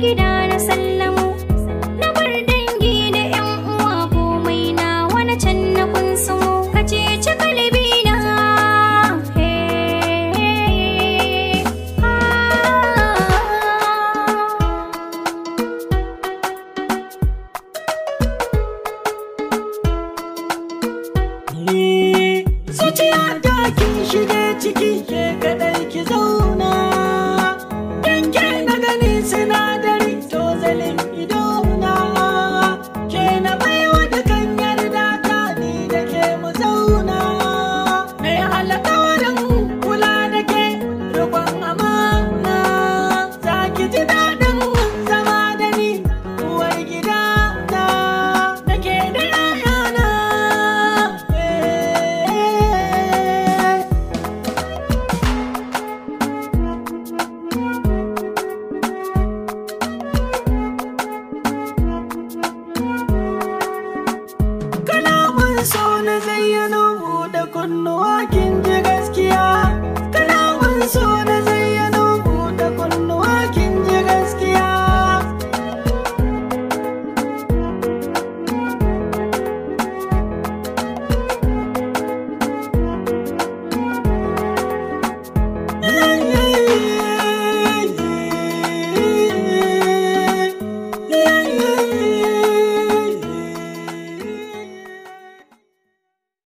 gida na sallamu na bar dangi da yan uwa komai na wani can na kunsu ka cece kalbi na Zuciya ta kin shiga ciki know I can